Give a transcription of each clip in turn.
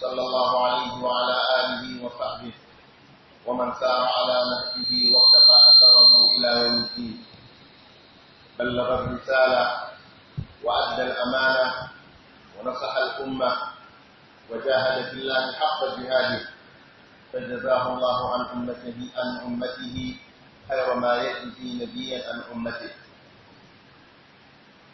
صلى الله عليه وعلى آله وصحبه ومن سار على نهجه واقتفى أثره إلى يوم الدين بلغ الرسالة وأدى الأمانة ونصح الأمة وجاهد في الله حق جهاده فجزاه الله عن أمته عن أمته خير ما يجزي نبيا عن أمته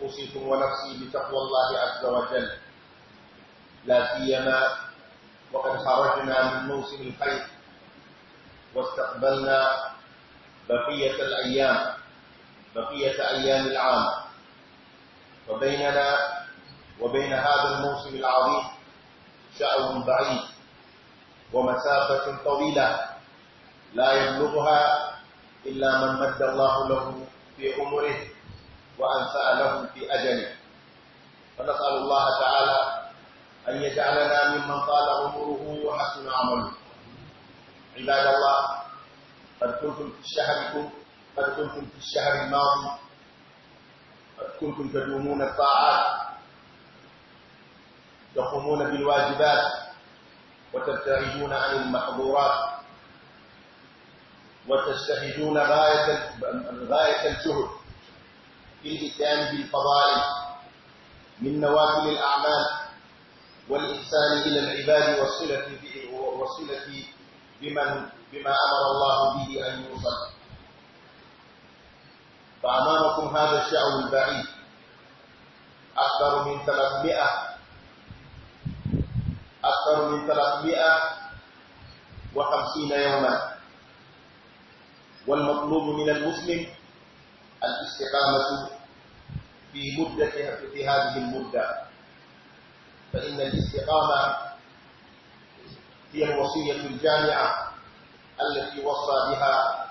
أوصيكم ونفسي بتقوى الله عز وجل لا سيما وقد خرجنا من موسم الخير واستقبلنا بقية الأيام بقية أيام العام وبيننا وبين هذا الموسم العظيم شأو بعيد ومسافة طويلة لا يبلغها إلا من مد الله له في عمره وأنفأ لهم في أجله فنسأل الله تعالى أن يجعلنا ممن طال عمره وحسن عمله عباد الله قد كنتم في شهركم قد كنتم في الشهر الماضي قد كنتم تدومون الطاعات تقومون بالواجبات وتبتعدون عن المحظورات وتجتهدون غاية غاية الجهد بالإتيان بالفضائل من نوافل الأعمال والإحسان إلى العباد والصلة والصلة بمن بما أمر الله به أن يوصل فأمامكم هذا الشعب البعيد أكثر من 300 أكثر من 350 يوما والمطلوب من المسلم الاستقامة في مدة في هذه المدة فإن الاستقامة هي الوصية الجامعة التي وصى بها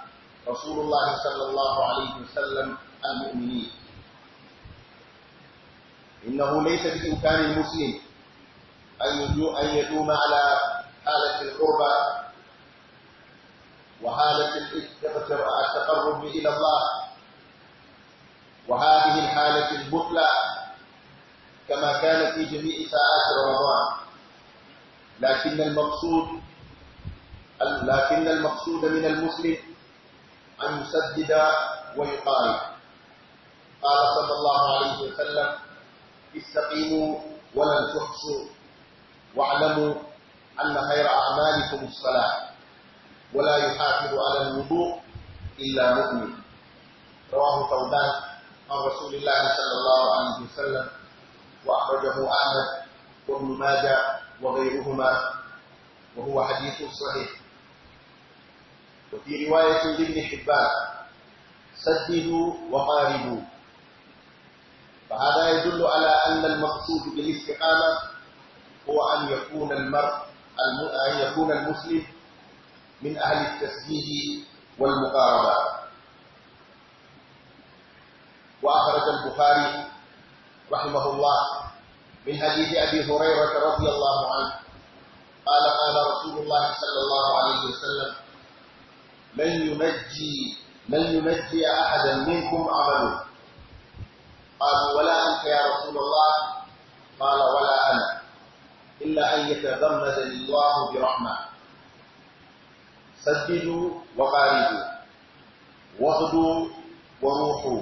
رسول الله صلى الله عليه وسلم المؤمنين إنه ليس بإمكان المسلم أن يدوم على حالة القربى وحالة التقرب إلى الله وهذه الحالة البطلة كما كان في جميع ساعات رمضان لكن المقصود لكن المقصود من المسلم أن يسدد ويقارب قال صلى الله عليه وسلم استقيموا ولن تحصوا واعلموا أن خير أعمالكم الصلاة ولا يحافظ على الوضوء إلا مؤمن رواه ثوبان عن رسول الله صلى الله عليه وسلم وأخرجه أحمد وابن ماجه وغيرهما وهو حديث صحيح وفي رواية لابن حبان سددوا وقاربوا فهذا يدل على أن المقصود بالاستقامة هو أن يكون المرء أن يكون المسلم من أهل التسديد والمقاربة البخاري رحمه الله من حديث أبي هريرة رضي الله عنه قال قال رسول الله صلى الله عليه وسلم من ينجي من ينجي أحدا منكم عمله قالوا ولا أنت يا رسول الله قال ولا أنا إلا أن يتغمدني الله برحمة سددوا وقاربوا واغدوا وروحوا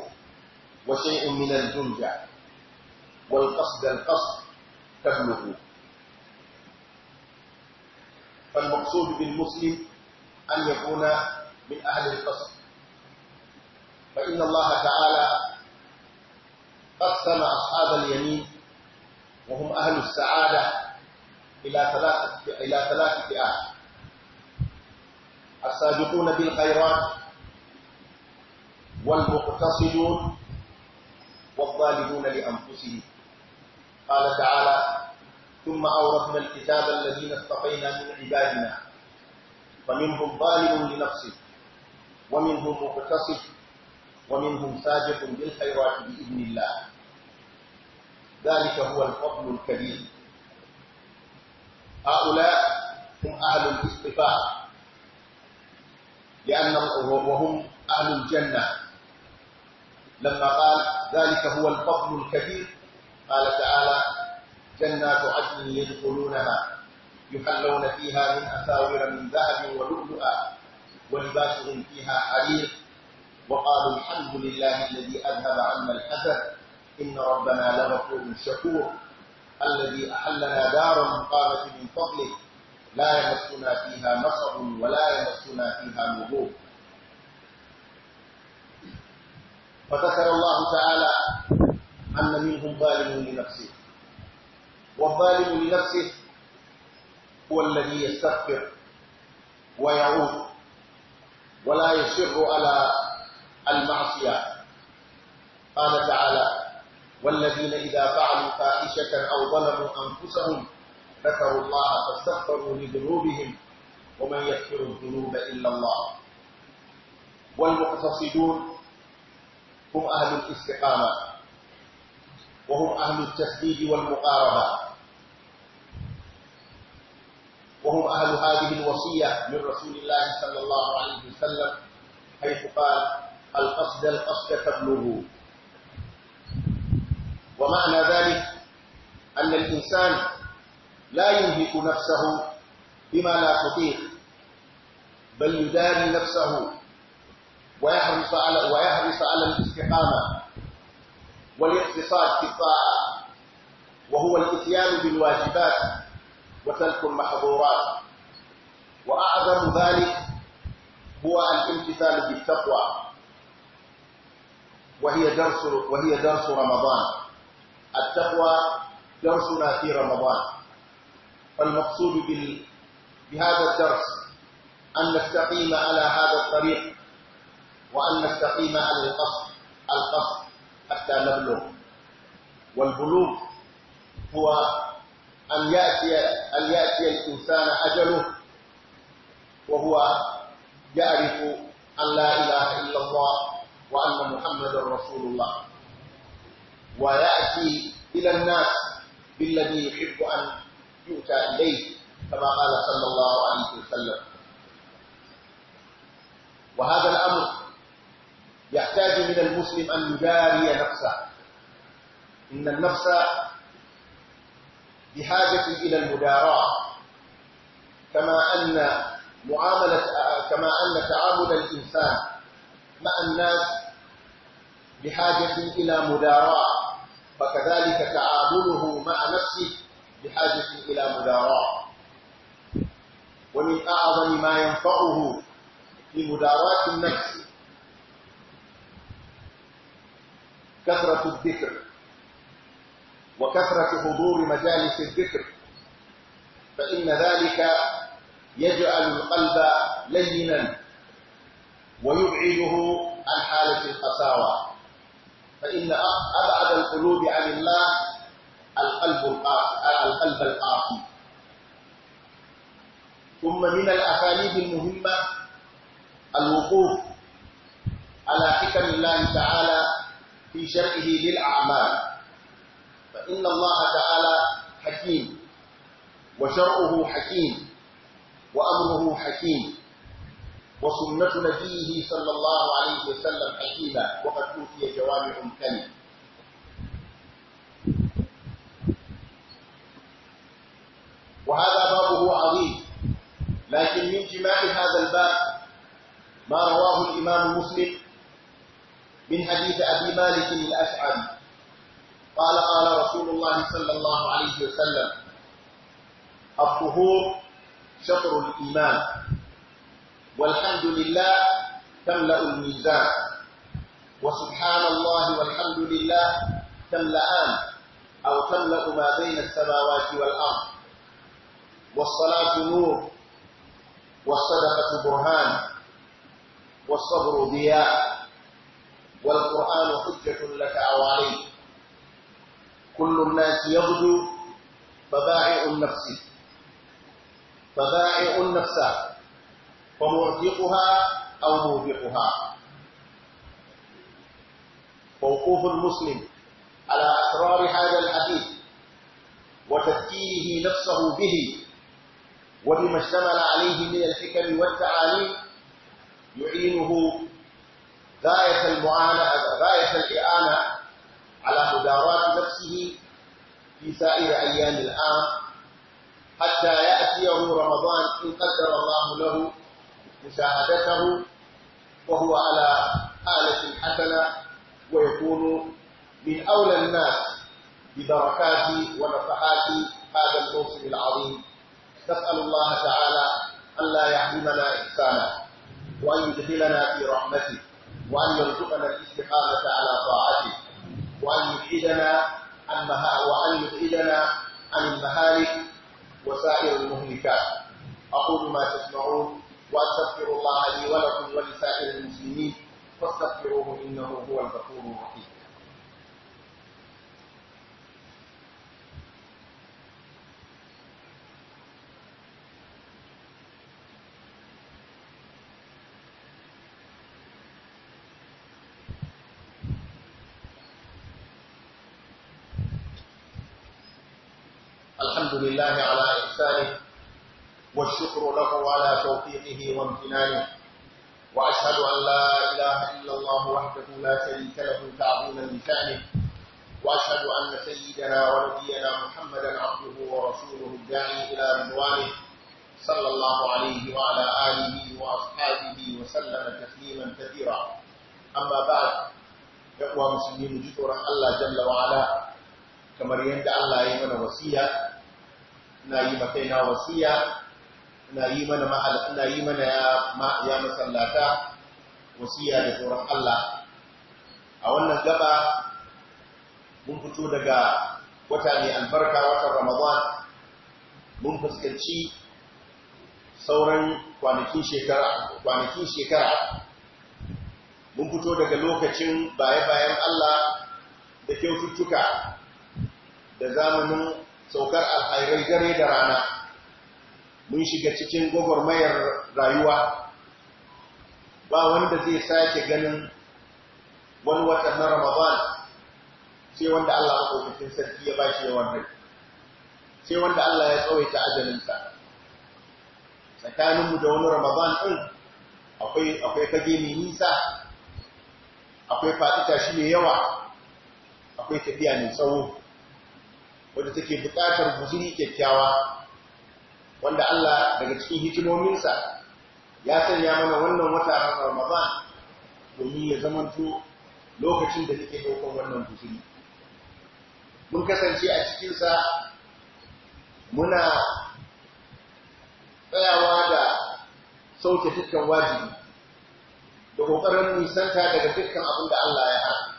وشيء من الجنجع والقصد القصد تبلغ فالمقصود بالمسلم أن يكون من أهل القصد فإن الله تعالى قسم أصحاب اليمين وهم أهل السعادة إلى ثلاثة إلى ثلاث فئات السابقون بالخيرات والمقتصدون والظالمون لأنفسهم قال تعالى ثم أورثنا الكتاب الذين استقينا من عبادنا فمنهم ظالم لنفسه ومنهم مقتصد ومنهم ساجح بالخيرات بإذن الله ذلك هو الفضل الكبير هؤلاء هم أهل الاصطفاء لأن وهم أهل الجنة لما قال ذلك هو الفضل الكبير قال تعالى جنات عدن يدخلونها يحلون فيها من أساور من ذهب ولؤلؤا ولباسهم فيها حرير وقالوا الحمد لله الذي أذهب عنا الحسد إن ربنا لغفور شكور الذي أحلنا دار المقامة من فضله لا يمسنا فيها نصب ولا يمسنا فيها نبوغ فذكر الله تعالى أن منهم ظالم لنفسه والظالم لنفسه هو الذي يستغفر ويعود ولا يصر على المعصية قال تعالى والذين إذا فعلوا فاحشة أو ظلموا أنفسهم ذكروا الله فاستغفروا لذنوبهم ومن يغفر الذنوب إلا الله والمقتصدون هم أهل الاستقامة وهم أهل التسديد والمقاربة وهم أهل هذه الوصية من رسول الله صلى الله عليه وسلم حيث قال القصد القصد تبلغه ومعنى ذلك أن الإنسان لا ينهك نفسه بما لا تطيق بل يداري نفسه ويحرص على ويحرص على الاستقامة والاقتصاد في الطاعة وهو الإتيان بالواجبات وترك المحظورات وأعظم ذلك هو الامتثال بالتقوى وهي درس وهي درس رمضان التقوى درسنا في رمضان فالمقصود بهذا الدرس أن نستقيم على هذا الطريق وأن نستقيم على القصد القصد حتى نبلغ والبلوغ هو أن يأتي, أن يأتي الإنسان أجله وهو يعرف أن لا إله إلا الله وأن محمد رسول الله ويأتي إلى الناس بالذي يحب أن يؤتى إليه كما قال صلى الله عليه وسلم وهذا المسلم أن يجاري نفسه إن النفس بحاجة إلى المداراة كما أن معاملة كما أن تعامل الإنسان مع الناس بحاجة إلى مداراة فكذلك تعامله مع نفسه بحاجة إلى مداراة ومن أعظم ما ينفعه في مداراة النفس كثرة الذكر وكثرة حضور مجالس الذكر فإن ذلك يجعل القلب لينا ويبعده عن حالة القساوة فإن أبعد القلوب عن الله القلب القلب القاسي ثم من الأساليب المهمة الوقوف على حكم الله تعالى في شرعه للأعمال فإن الله تعالى حكيم وشرعه حكيم وأمره حكيم وسنة نبيه صلى الله عليه وسلم حكيمة وقد أوتي جوامع كلمة وهذا بابه عظيم لكن من جماع هذا الباب ما رواه الإمام مسلم من حديث أبي مالك الأشعري قال قال رسول الله صلى الله عليه وسلم الطهور شطر الإيمان والحمد لله تملأ الميزان وسبحان الله والحمد لله تملأان أو تملأ ما بين السماوات والأرض والصلاة نور والصدقة برهان والصبر ضياء والقرآن حجة لك أو عليك كل الناس يغدو فبائع النفس فبائع النفس فمرفقها أو موبقها فوقوف المسلم على أسرار هذا الحديث وتذكيره نفسه به وبما اشتمل عليه من الحكم والتعاليم يعينه غاية المعاناة غاية الإعانة على مداراة نفسه في سائر أيام العام حتى يأتيه رمضان إن قدر الله له مساعدته وهو على آلة حسنة ويكون من أولى الناس ببركات ونفحات هذا الموسم العظيم نسأل الله تعالى ألا يحرمنا إحسانه وأن يدخلنا في رحمته وأن يرزقنا الاستقامة على طاعته وأن يبعدنا عن وأن يبعدنا عن المهالك وسائر المهلكات أقول ما تسمعون وأستغفر الله لي ولكم ولسائر المسلمين فاستغفروه إنه هو الغفور الرحيم له على توفيقه وامتنانه وأشهد أن لا إله إلا الله وحده لا شريك له تعظيما لشأنه وأشهد أن سيدنا ونبينا محمدا عبده ورسوله الداعي إلى رضوانه صلى الله عليه وعلى آله وأصحابه وسلم تسليما كثيرا أما بعد يقوى مسلمين جثورا الله جل وعلا كما يندى الله يمن وسيا نايمتين وسيا ina yi mana ma'al ina yi mana ya masallata wasiya da tsoron Allah a wannan gaba mun fito daga wata mai albarka watan Ramadan mun fuskanci sauran kwanakin shekara kwanakin shekara mun fito daga lokacin baya-bayan Allah da kyaututtuka da zamanin saukar alhairai gare da rana mun shiga cikin gwagwarmayar rayuwa ba wanda zai sake ganin wani watan na ramadan sai wanda Allah maɗaukakin sarki ya bashi yawan rai sai wanda Allah ya tsawaita ajalinsa tsakaninmu da wani ramadan ɗin akwai kage mai nisa akwai faɗita shi mai yawa akwai tafiya mai tsawo wadda take buƙatar guzuri kyakkyawa wanda Allah daga cikin hikimominsa ya sanya mana wannan wata a Ramadan domin ya zamanto lokacin da nake ɗaukar wannan buzuri. Mun kasance a cikinsa muna tsayawa da sauke dukkan wajibi da ƙoƙarin nisanta daga dukkan abin da Allah ya haɗa.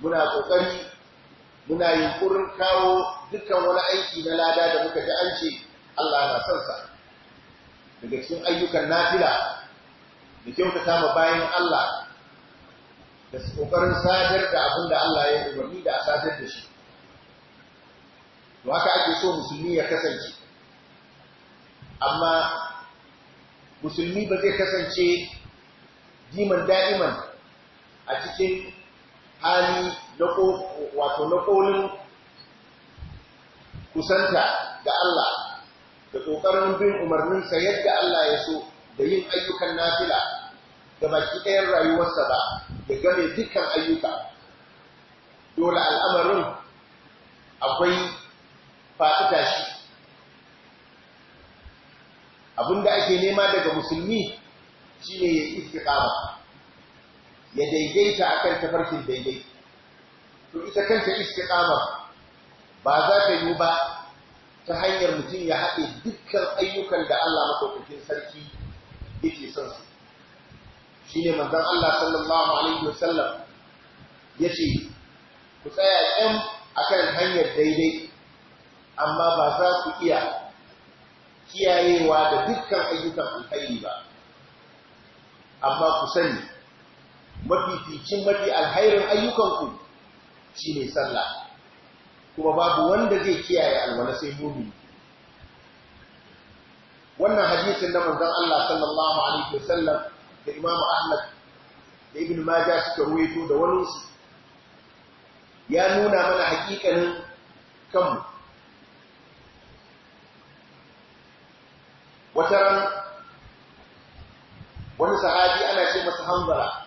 Muna ƙoƙari muna yunƙurin kawo dukkan wani aiki na lada da muka ji an ce Allah na son sa daga cikin ayyukan nafila da kyautata ma bayan Allah da kokarin sadar da abin da Allah ya yi umarni da a sadar da shi to haka ake so musulmi ya kasance amma musulmi ba zai kasance jiman da'iman a cikin hali wato na kolin kusanta ga Allah da ƙoƙarin bin umarninsa yadda Allah ya so da yin ayyukan nafila da baki ɗayan rayuwarsa ba da game dukkan ayyuka dole al'amarin akwai faɗi tashi abinda ake nema daga musulmi shi ne ya istiqama ya daidaita a kan tafarkin daidai to ita kanta istiqama ba za ta yi ba ta hanyar mutum ya haɗe dukkan ayyukan da Allah maɗaukakin sarki yake son su shi ne manzon Allah sallallahu alaihi wasallam ya ce ku tsaya ƙyan akan hanyar daidai amma ba za ku iya kiyayewa da dukkan ayyukan alkhairi ba amma ku sani mafificin mafi alkhairin ayyukanku shi ne sallah kuma babu wanda zai kiyaye alwala sai mumini wannan hadisin na manzon Allah sallallahu alaihi wasallam da Imam Ahmad da Ibn Majah suka ruwaito da wani ya nuna mana hakikanin kanmu wata ran wani sahabi ana ce masa hanzara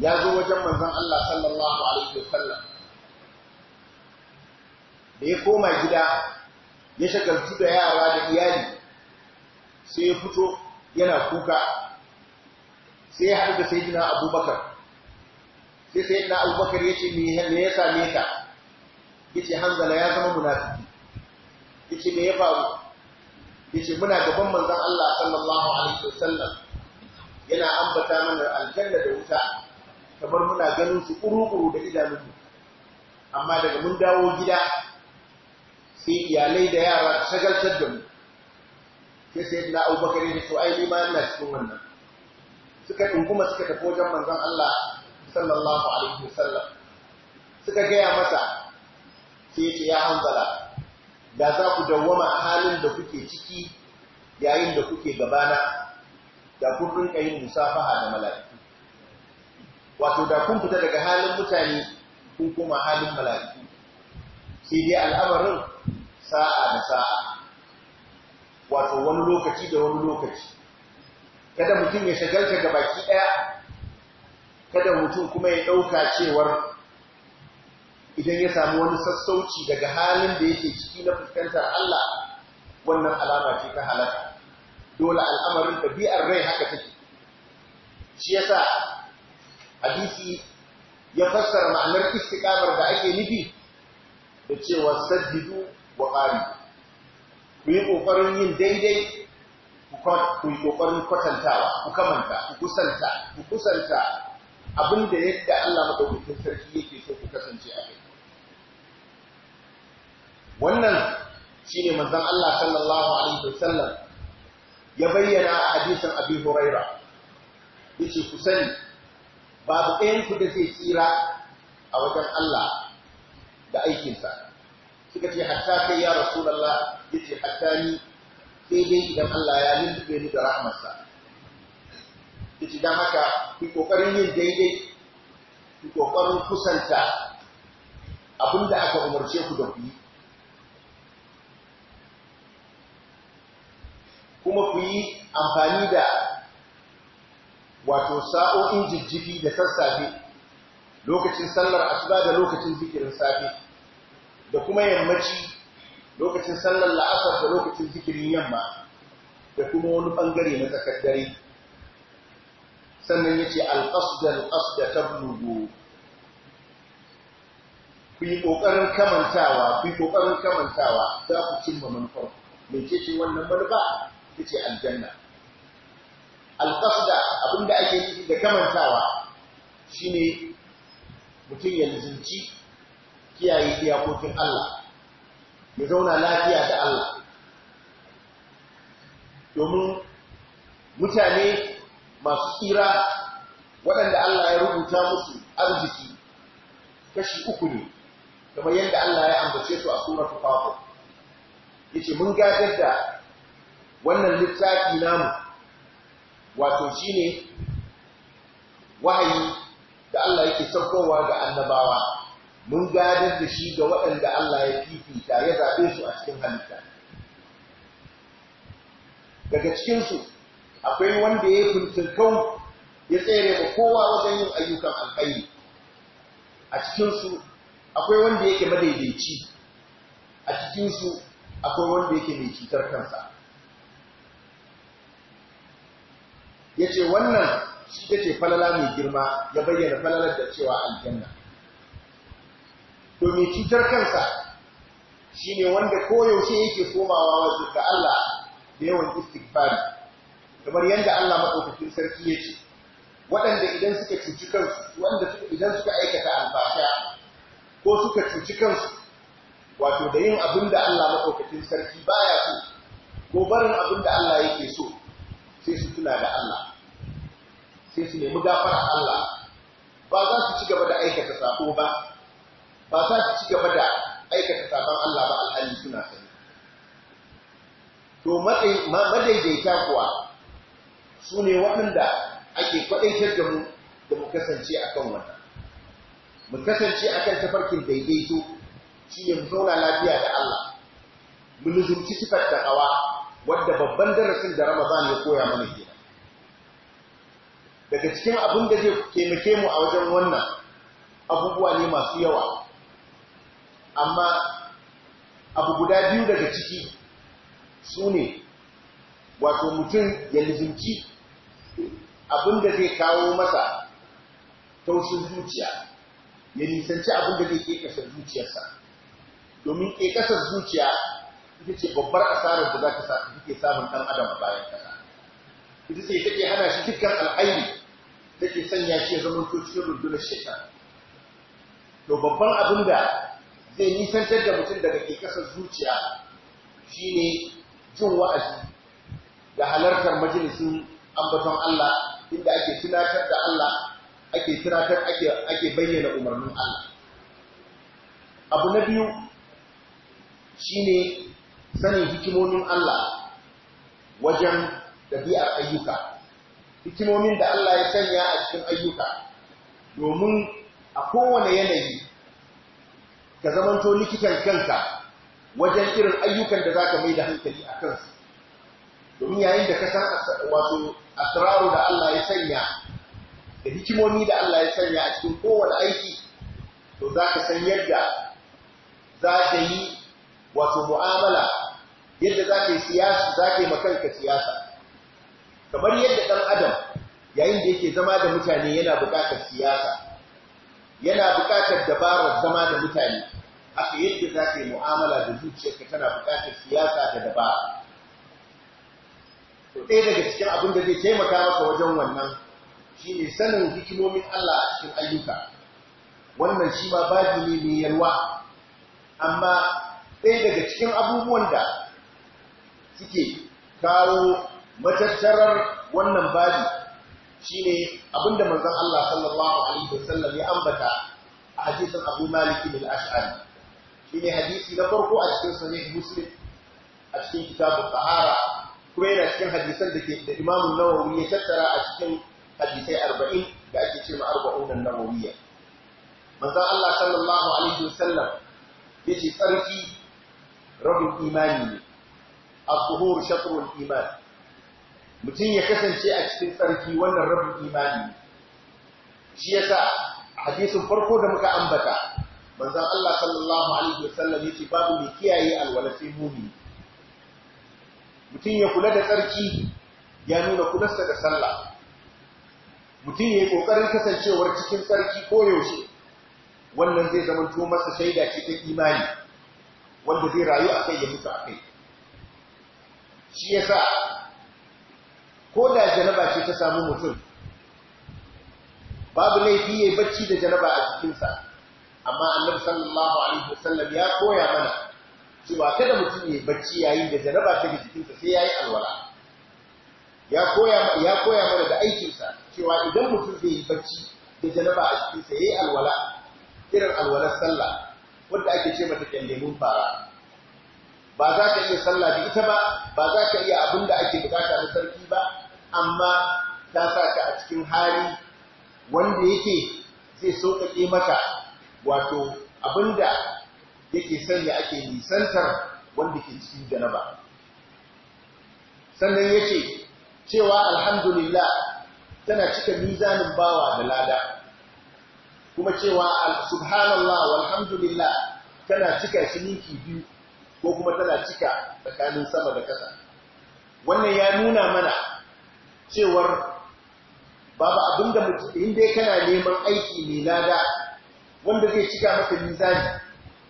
ya zo wajen manzon Allah sallallahu alaihi wasallam da ya koma gida ya shakarci da yara da iyali sai ya fito yana kuka sai ya haɗu da sayyidina abubakar sai sayyidina abubakar ya ce me ya same ka ya ce hanzala ya zama munafiki ya ce me ya faru ya ce muna gaban manzan Allah sallallahu alaihi wasallam yana ambata mana aljanna da wuta kamar muna ganin su ƙuruƙuru da idanunmu amma daga mun dawo gida sai iyalai da yara ta shagaltar da mu sai sai na abubakar ne su ai ma na cikin wannan suka kuma suka tafi wajen manzon Allah sallallahu alaihi wasallam suka gaya masa sai ce ya hanzala da za ku dawwama halin da kuke ciki yayin da kuke gabana da kun rinka yin musafaha da mala'iku wato da kun fita daga halin mutane kun kuma halin mala'iku sai dai al'amarin sa'a da sa'a wato wani lokaci da wani lokaci kada mutum ya shagalta ga baki ɗaya kada mutum kuma ya ɗauka cewar idan ya samu wani sassauci daga halin da yake ciki na fuskantar Allah wannan alama ce ta halaka dole al'amarin ɗabi'ar rai haka take shi ya sa hadisi ya fassara ma'anar istiqamar da ake nufi da cewa saddidu buhari ku yi ƙoƙarin yin daidai ku yi ƙoƙarin kwatantawa ku kamanta ku kusanta ku kusanta abin da yadda Allah maɗaukakin sarki yake so ku kasance a kai wannan shine manzon Allah sallallahu alaihi wasallam ya bayyana a hadisin Abi Huraira yace ku sani babu ɗayan ku da zai tsira a wajen Allah da aikinsa suka ce hatta kai ya ya ce hatta ni sai dai idan Allah ya yi ni da rahmarsa ce dan haka ku kokarin yin daidai ku kokarin kusanta da aka umarce ku da kuyi. kuma ku yi amfani da wato sa'o'in jijjifi da sassafe lokacin sallar asuba da lokacin zikirin safe da kuma yammaci lokacin sallar la'asar da lokacin zikirin yamma da kuma wani bangare na tsakar dare sannan ya ce alƙasdar al ta bugu ku yi ƙoƙarin kamantawa ku yi kamantawa za ku cimma manufar me ce ce wannan manufa ce aljanna Alƙasda abinda ake nufi da kamantawa shine mutum ya lizinci kiyaye iyakokin Allah ya zauna lafiya da Allah domin mutane masu tsira waɗanda Allah ya rubuta musu arziki kashi uku ne kamar yadda Allah ya ambace su a suratul Ya yace mun gatar da wannan littafi namu wato ne wahayi da Allah yake saukowa ga annabawa mun gadar da shi ga waɗanda Allah ya fifita ya zaɓe su a cikin halitta daga cikinsu akwai wanda ya fintinkau ya tsere ma kowa wajen yin ayyukan alƙairi a cikinsu akwai wanda yake madaidaici a cikinsu akwai wanda yake mai cutar kansa ya ce wannan shi ce falala mai girma ya bayyana falalar da cewa aljanna domin cutar kansa ne wanda koyaushe yake komawa wajen ga Allah da yawan istighfari kamar yadda Allah madaukakin sarki ya ce waɗanda idan suka cuci kansu wanda idan suka aikata albasha ko suka cuci kansu wato da yin abin da Allah madaukakin sarki baya so ko barin abin da Allah yake so sai su tuna da Allah sai su nemi gafara Allah ba za su ci gaba da aikata sako ba ba sa su ci gaba da aikata sabon Allah ba alhali suna sani to madaidaita kuwa su ne waɗanda ake kwaɗaitar da mu da mu kasance a kan wata, mu kasance a kan tafarkin daidaito shi ne mu zauna lafiya da Allah mu nuzurci sifar da hawa wadda babban darasin da Ramadan ya koya mana gida daga cikin abin da zai taimake mu a wajen wannan abubuwa ne masu yawa amma abu guda biyu daga ciki su ne wato mutum ya lizinci abinda zai kawo masa taushin zuciya ya nisanci abinda zai ƙeƙasar zuciyarsa domin ƙeƙasar zuciya ita ce babbar asarar da za ka sa take samun ɗan adam a bayan kasa ita ce take hana shi dukkan alhaini take sanya shi ya zama cikin rundunar shekara to babban abin da zai nisantar da mutum daga ke kasar zuciya shine jin wa'azi da halartar majalisun ambaton Allah inda ake tunatar da Allah ake tunatar ake bayyana umarnin Allah abu na biyu shine sanin hikimomin Allah wajen dabi'ar ayyuka hikimomin da Allah ya sanya a cikin ayyuka domin a kowane yanayi ka zamanto likitan kanka wajen irin ayyukan da za ka mai da hankali a kansu domin yayin da ka san wato asraru da Allah ya sanya da hikimomi da Allah ya sanya a cikin kowane aiki to za ka san yadda za ka yi wato mu'amala yadda za ka yi siyasa za ka yi makanka siyasa kamar yadda ɗan adam yayin da yake zama da mutane yana buƙatar siyasa yana buƙatar dabarar zama da mutane aka yadda za ka yi mu'amala da zuciyarka tana buƙatar siyasa da dabara to ɗaya daga cikin abin da zai taimaka maka wajen wannan shi ne sanin hikimomin Allah a cikin ayyuka wannan shi ma baji ne mai yalwa amma ɗaya daga cikin abubuwan da suke kawo matattarar wannan baji shine abinda manzon Allah sallallahu alaihi wasallam ya ambata a hadisin Abu Malik bin Ash'ari shine hadisi na farko a cikin sahih muslim a cikin kitabu tahara kuma yana cikin hadisan da ke da Imam Nawawi ya tattara a cikin hadisai 40 da ake cewa 40 an Nawawiyya manzo Allah sallallahu alaihi wasallam yace tsarki rabin imani ne al-zuhur shatrul iman mutum ya kasance a cikin tsarki wannan rabin imani ne shi yasa hadisin farko da muka ambata manzon Allah sallallahu alaihi wasallam yace babu mai kiyaye alwala sai mu'mini mutum ya kula da tsarki ya nuna kularsa da sallah mutum ya yi kokarin kasancewar cikin tsarki koyaushe wannan zai zama to masa shaida ce ta imani wanda zai rayu a kai ya mutu a kai shi yasa ko da janaba ce ta samu mutum babu laifi yayi bacci da janaba a jikinsa amma annabi sallallahu alaihi wasallam ya koya mana cewa kada mutum ya bacci yayin da jaraba ta ga jikinsa sai yayi alwala ya koya ya koya mana da aikinsa cewa idan mutum zai yi bacci da jaraba a ya yayi alwala irin alwalar sallah wanda ake ce mata kallemun fara ba za ka iya sallah da ita ba ba za ka iya abin da ake bukata na sarki ba amma ta sa ka a cikin hali wanda yake zai sauƙaƙe mata. wato abinda yake sanya ake nisantar wanda ke cikin janaba sannan yace cewa alhamdulillah tana cika mizanin bawa da lada kuma cewa subhanallah walhamdulillah tana cika shi ninki biyu ko kuma tana cika tsakanin sama da ƙasa wannan ya nuna mana cewar babu abinda mutum inda kana neman aiki mai lada wanda zai cika maka mizani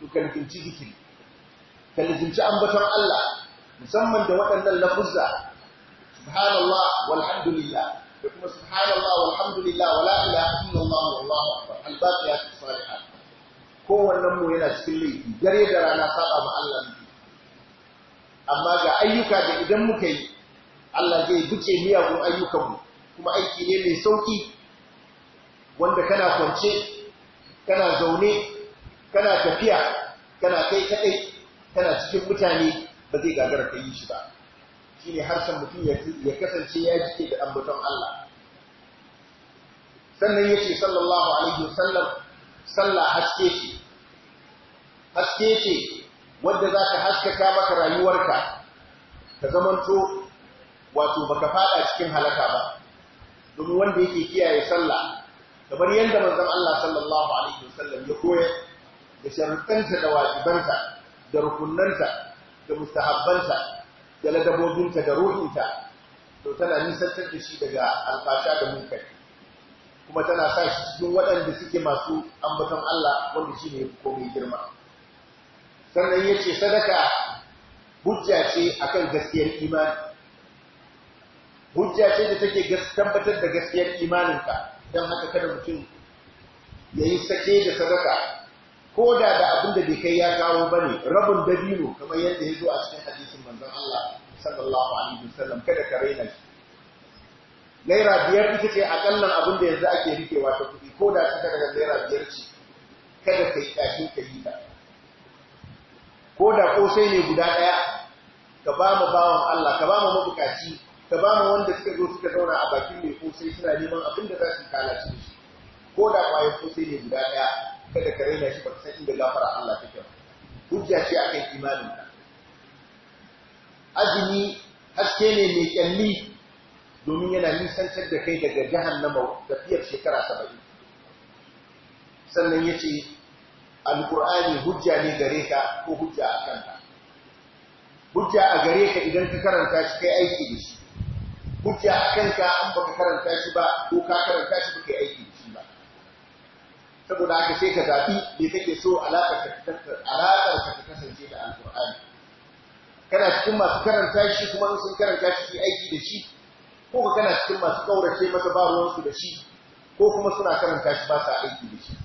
to ka lizinci zikiri ambaton Allah musamman da waɗannan lafuzza subhanallah walhamdulillah da kuma subhanallah walhamdulillah wala ilaha illallah wallahu akbar albaqiyat salihat kowannan mu yana cikin laifi gare da rana saba ma Allah amma ga ayyuka da idan muka yi Allah zai buce miyagun ayyukanmu kuma aiki ne mai sauki wanda kana kwance kana zaune kana tafiya kana kai kaɗai, kana cikin mutane ba zai gagara ka yi shi ba Shi ne harshen mutum ya kasance ya jike da ambaton Allah sannan ya ce sallallahu alaihi wasallam sallah haske ce haske ce wanda za ka haskaka maka rayuwarka ka zamanto wato baka fada cikin halaka ba domin wanda yake kiyaye sallah kamar yadda manzon Allah sallallahu alaihi wasallam ya koyar da sharuɗansa da wajibansa da rukunnanta da mustahabbansa da ladabobinta da ruhinta to tana nisantar da shi daga alfasha da munkari kuma tana sa shi cikin waɗanda suke masu ambaton Allah wanda shi ne komai girma sannan ya ce sadaka hujja ce a kan gaskiyar imani hujja ce da take tabbatar da gaskiyar imaninka don haka kada mutum ya yi sake da sadaka ko da da abin da bai kai ya kawo ba ne rabin dabino kamar yadda ya zo a cikin hadisin manzon Allah sallallahu alaihi wasallam kada ka raina shi naira biyar ita ce akallan abin da yanzu ake rike ta kuɗi ko da ta daga naira biyar ce kada ka yi ɗakin ka yi ta ko da ƙosai ne guda ɗaya ka ba mu bawan Allah ka ba mu mabukaci ka ba mu wanda suka zo suka zauna a bakin mai kosai suna neman abin da za su su shi ko da ko kosai ne guda daya kada ka raina shi ba ta san inda gafara Allah ta ba hujja ce akan imanin ka azumi haske ne mai kyalli domin yana nisantar da kai daga jahannama tafiyar shekara saba'in sannan ya ce alkur'ani hujja ne gare ka ko hujja a kanka hujja a gare ka idan ka karanta shi kai aiki da shi hujja a kanka an baka karanta shi ba ko ka karanta shi baka aiki da shi ba saboda haka sai ka zaɓi me kake so alaƙar ka kasance da alƙur'ani kana cikin masu karanta shi kuma sun karanta shi su aiki da shi ko ka kana cikin masu kaurace masa ba ruwansu da shi ko kuma suna karanta shi ba sa aiki da shi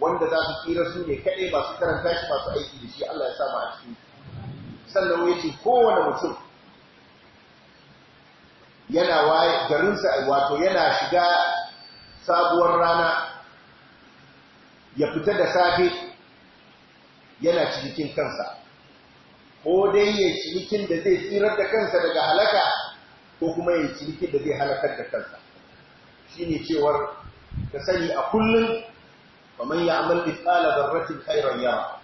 wanda za su tsira su ne kaɗai masu karanta shi masu aiki da shi Allah ya sa a cikin sannan ya ce kowane mutum yana waye garinsa wato yana shiga sabuwar rana ya fita da safe yana cikin kansa ko dai ya cikin da zai tsirar da kansa daga halaka ko kuma ya cikin da zai halakar da kansa shi ne cewar ka sani a kullum kamar ya amal misala zarratin khairan yara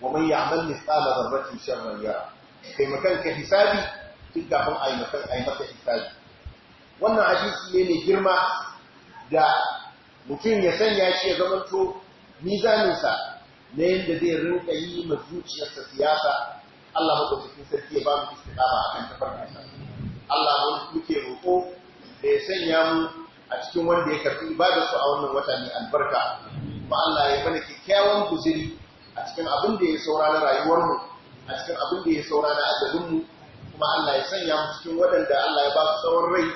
wa man ya amal misala zarratin sharran yara kai makan ka hisabi tun kafin a yi maka hisabi wannan hadisi ne mai girma da mutum ya sanya shi ya zamanto mizaninsa na yadda zai rinka yi ma zuciyarsa siyasa Allah maɗaukakin sarki ya ba mu istiqama a kan ta. Allah muke roƙo da ya sanya mu a cikin wanda ya da su a wannan wata mai albarka kuma Allah ya mana kyakkyawan guziri a cikin abin da ya saura na rayuwarmu a cikin abin da ya saura na ajalinmu kuma Allah ya sanya mu cikin waɗanda Allah ya ba su tsawon rai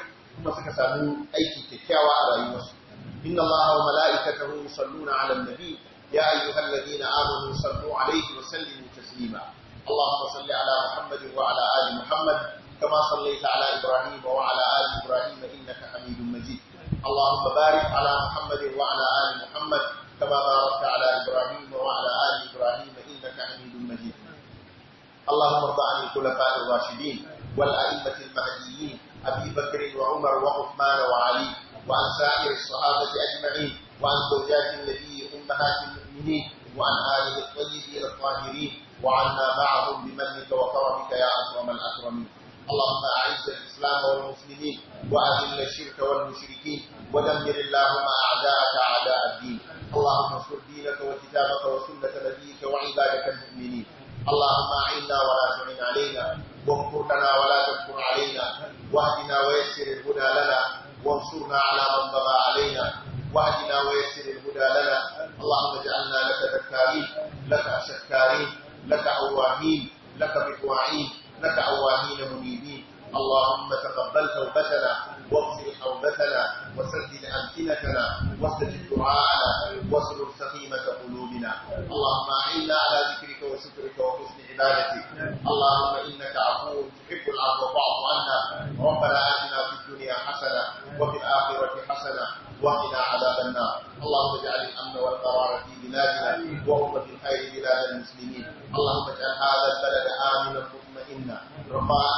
kuma suka sami aiki kyakkyawa a rayuwarsu inna allaha wa mala'ikatahu yusalluna 'alan nabi ya ayyuhalladhina amanu sallu 'alayhi wa sallimu taslima اللهم صل على محمد وعلى ال محمد كما صليت على ابراهيم وعلى ال ابراهيم انك حميد مجيد اللهم بارك على محمد وعلى ال محمد كما باركت على ابراهيم وعلى ال ابراهيم انك حميد مجيد اللهم ارض عن الخلفاء الراشدين والائمه المهديين ابي بكر وعمر وعثمان وعلي وعن سائر الصحابة أجمعين وعن زوجات النبي أمهات المؤمنين وعن آله الطيبين الطاهرين وعنا معهم بمنك وكرمك يا أكرم الأكرمين اللهم أعز الإسلام والمسلمين وأذل الشرك والمشركين ودمر اللهم شكارين لك شكارين لك أواهين لك بطواعين لك أواهين منيبين اللهم تقبل توبتنا واغفر حوبتنا وسدد أمكنتنا واستجب دعاءنا واسلل سقيمة قلوبنا اللهم أعنا على ذكرك وشكرك وحسن عبادتك اللهم إنك عفو تحب العفو فاعف عنا ربنا آتنا في الدنيا حسنة وفي الآخرة حسنة وقنا apa